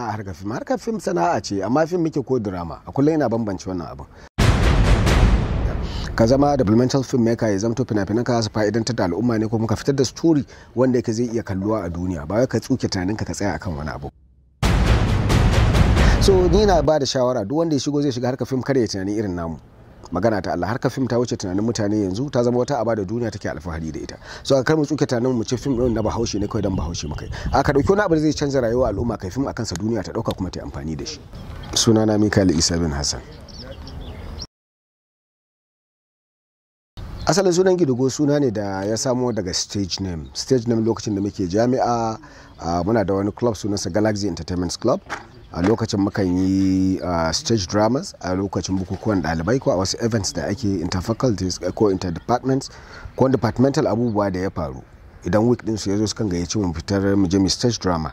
a harkar fim harkar fim sana'a ce amma fim muke ko drama a kullum yana bambance wannan abin ka zama developmental film maker ya zamto fina-finan ka su fa'idantar da al'umma ne ko kuma ka fitar da story wanda yake zai iya kalluwa a duniya ba ka tsuke tunanin ka tsaya akan wani abu so ni na ba da shawara duk wanda ya shigo zai shiga harkar fim kada ya tunani irin namu magana ta Allah har ka fim ta wuce tunanin mutane yanzu ta zama wata aba da duniya take alfahari da ita so a kar mu tsuke tunanin mu ce fim din na bahaushe ne kawai dan bahaushe mu a aka dauki wani abu da zai canza rayuwa al'umma kai fim akan sa duniya ta dauka kuma ta amfani da shi sunana Mikael Isa bin Hassan asalin sunan gidugo suna ne da ya samo daga stage name stage name lokacin da muke jami'a muna da wani club sunansa galaxy entertainment club a lokacin mukan yi ah, stage dramas a lokacin bukukuwan dalibai ko a wasu events da ake interfaculties eh, ko interdepartments ko departmental abubuwa da ya faru idan week su ya zo sukan gayyaci mu fitar mu je mu stage drama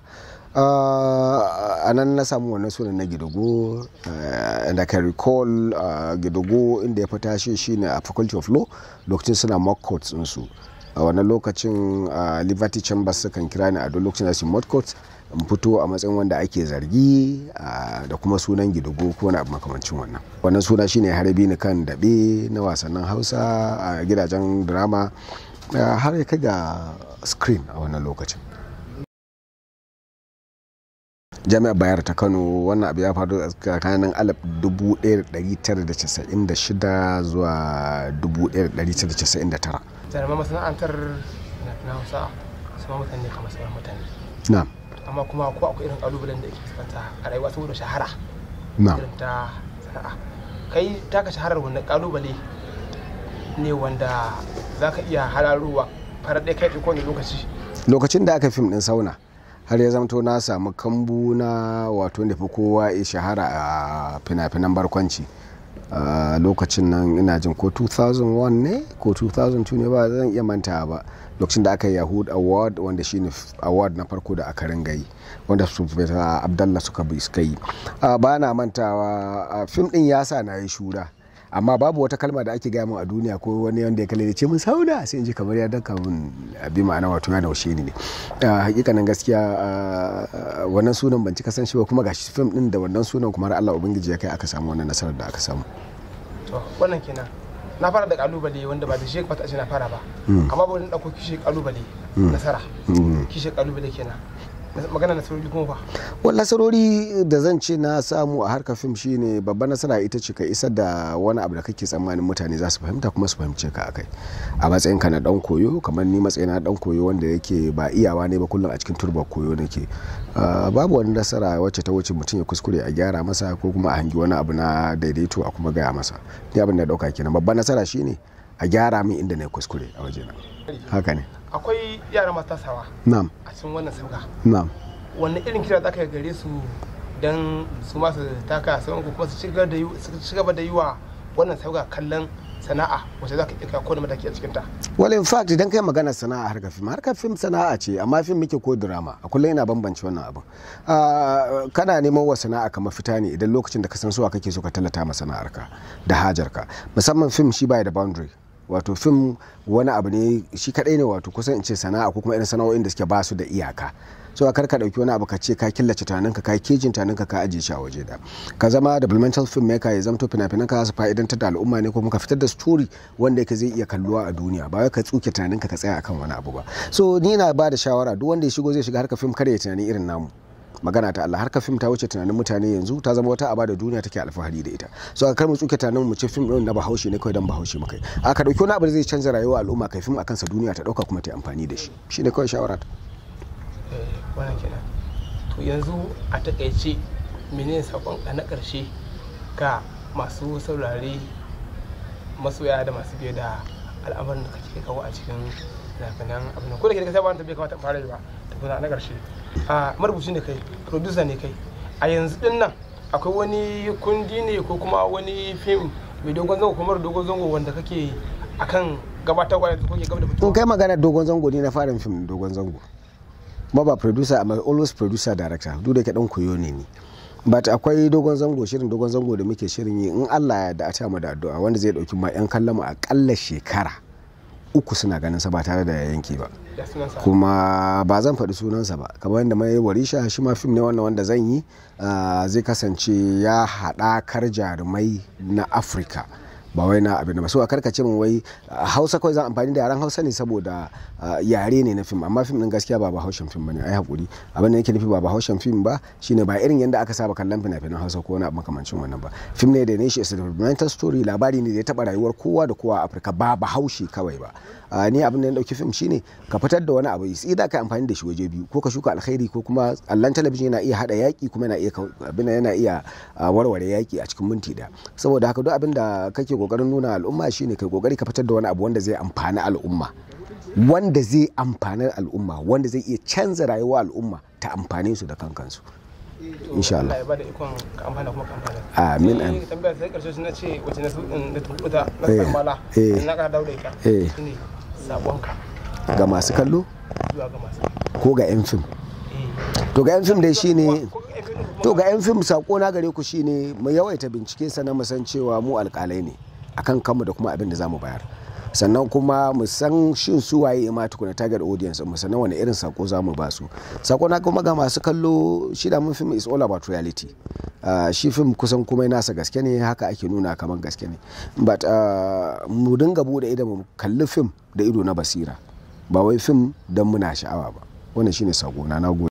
ah, a nan na samu wannan sunan na gidogo eh, and i can recall ah, gidogo inda ya fita shi shine a faculty of law lokacin suna mock courts su a wannan lokacin liberty chambers sukan kira ni a duk lokacin da su mock courts in fito a matsayin wanda ake zargi da kuma sunan gidigo ko wani abu makamancin wannan wannan suna shine harbi ni kan daɓe na wasannin hausa a gidajen drama har ya kai ga screen a wannan lokacin jami'ar bayar ta kano wannan abu ya faru a tsakanin 1996 zuwa 1999 na mutane kamar sauran amma kuma ko akwai irin kalubalen da ke fuskanta a rayuwa saboda shahara irin ta sana'a kai taka shaharar wannan kalubale ne wanda za ka iya hararowa farar ɗaya kai kowane lokaci lokacin da aka fim ɗin sauna har ya zamto na samu kambu na wato da fi kowa ya shahara a fina-finan barkwanci a lokacin nan ina jin ko 2001 ne ko 2002 ne ba zan iya manta ba lokacin da aka yi yahud award wanda shine award na farko da aka ringa yi wanda su abdallah suka bi suka yi ba na mantawa fim din yasa na yi shura amma babu wata kalma da ake gaya min a duniya ko wani wanda ya kalle ce mun sauna sai in ji kamar ya danka mun bi ma'ana wato ya naushe ni ne hakikanin gaskiya wannan sunan ban cika san shi ba kuma gashi fim din da wannan sunan kuma Allah ubangiji ya kai aka samu wannan nasarar da aka samu to wannan kenan na fara da kalubale wanda ba da shi ba ta ce na fara ba hmm. amma ba wani dauko kishi kalubale hmm. nasara hmm. kishi kalubale kenan magana na sarori kuma fa wani nasarori da zan ce na samu a harkar fim shine babba nasara ita ce ka isar da wani abu da kake tsammanin mutane za su fahimta kuma su fahimce ka akai a matsayin ka na dan koyo kamar ni matsayina dan koyo wanda yake ba iyawa ne ba kullum a cikin turba koyo nake babu wani nasara wacce ta wuce mutum ya kuskure a gyara masa ko kuma a hangi wani abu na daidaito a kuma gaya masa ni abin da dauka kenan babba nasara shine a gyara min inda na kuskure a wajena haka ne akwai yara masu tasawa a cikin wannan sauka wannan irin kira za ka gare su don su masu taka sauran kuma su ci da yi wa wannan sauka kallon sana'a wacce za ka ɗauka ko da mataki a cikinta. Well in fact idan kai magana sana'a harkar fim harkar fim sana'a ce amma fim muke ko drama a kullum yana bambance wannan abu ah, kana neman wa sana'a kama fita ne idan lokacin da ka san suwa kake so ka tallata ma sana'arka da hajarka musamman fim shi baya da boundary wato fim wani abu ne shi kadai ne wato kusan in ce sana'a ko kuma irin sana'o'in da suke ba su da iyaka so a karka dauki wani abu ka ce ka killace tunaninka ka kejin tunaninka ka ajiye shi a waje da ka zama developmental maker ya zamto fina-finan ka su fa'idantar da al'umma ne ko kuma ka fitar da story wanda yake zai iya kalluwa a duniya ba wai ka tsuke tunaninka ka tsaya akan wani abu ba so ni na ba da shawara duk wanda ya shigo zai shiga harka film kada ya tunani irin namu magana ta Allah harkar fim ta wuce tunanin mutane yanzu ta zama wata abada duniya take alfahari da ita so kar mu tsuke tunanin mu ce fim din na Bahaushe ne kawai dan Bahaushe mukai aka dauki wani abu da zai canza rayuwar al'umma kai fim akan sa duniya ta dauka kuma ta amfani da shi shine kawai shawara ta eh, to yanzu a takaice menene sakon na karshe ga masu saurare masoya da masu biye da al'amarin da kake kawo a cikin zafinan abin ko da ke da kasa ba ta bai kamata fara ba tukuna na ƙarshe a marubuci ne kai producer ne kai a yanzu din nan akwai wani kundi ne ko kuma wani fim mai dogon zango kuma dogon zango wanda kake akan gabatar da kuke gaba da fitowa in kai magana dogon zango ne na farin fim dogon zango kuma ba producer amma always producer director duk da ke dan koyo ne ni but akwai dogon zango shirin dogon zango da muke shirin yi in Allah ya da a ta mu da addu'a wanda zai dauki ma yan kallon mu akalla shekara uku suna ganin sa ba tare da yanke ba kuma ba zan faɗi sunansa ba kamar yadda mai warisha shi ma fim ne wannan wanda zan yi ah, zai kasance ya haɗakar jarumai na afirka ba wai na abin ba so a karkace min wai hausa kawai zan amfani da yaren hausa ne saboda yare ne na fim amma fim din gaskiya ba bahaushen fim bane ai hakuri abin da yake nufi ba bahaushen fim ba shine ba irin yanda aka saba kallon fina-finan hausa ko wani abu makamancin wannan ba fim ne da ne shi is a story labari ne da ya taba rayuwar kowa da kowa a afirka ba bahaushe kawai ba ni abin da ya dauki fim shine ka fitar da wani abu sai da ka amfani da shi waje biyu ko ka shuka alkhairi ko kuma allan talabijin yana iya hada yaki kuma yana iya yana iya warware yaki a cikin minti da saboda haka duk abin da kake kokarin nuna al'umma shine kai kokari ka fitar da wani abu wanda zai amfani al'umma wanda zai amfani al'umma wanda zai iya canza rayuwa al'umma ta amfani su da kankansu insha amin eh, amin ga masu kallo ko ga yan fim eh. to ga yan fim dai shine to ga yan fim sako na gare ku shine mu yawaita bincike sannan mu san cewa mu alkalai ne akan kanmu da kuma abin da zamu bayar sannan kuma mu san shin su waye ma tukuna target audience mu sannan wani irin sako mu ba su sako na kuma ga masu kallo shi da mun film is all about reality Uh, shi fim kusan kuma nasa gaske ne haka ake nuna kamar gaske ne but uh, mu dinga bude ido mu kalli fim da ido na basira ba wai fim don muna sha'awa ba wannan shine sako na gode